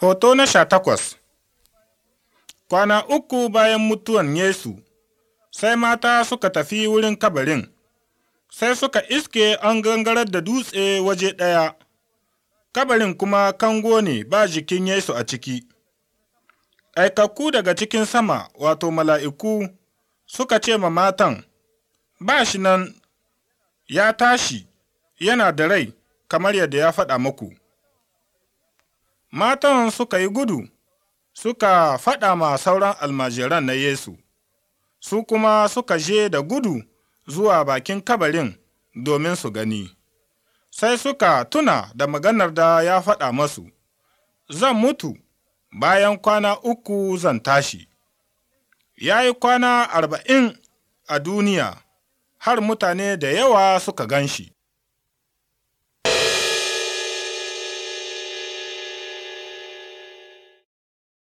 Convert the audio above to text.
Hoto na sha takwas Kwana uku bayan mutuwan Yesu, sai mata suka tafi wurin kabarin, sai suka iske an gangarar da dutse waje ɗaya, kabarin kuma kango ne ba jikin Yesu a ciki. Aikakku daga cikin sama, wato mala'iku, suka ce ma matan, Ba shi nan ya tashi, yana da rai, kamar yadda ya faɗa muku. Matan suka yi gudu, suka faɗa ma sauran almajiran na Yesu, su kuma suka je da gudu zuwa bakin kabarin domin su gani. Sai suka tuna da maganar da ya faɗa masu, Zan mutu, bayan kwana uku zan tashi. Ya yi kwana arba'in a duniya, har mutane da yawa suka gan shi.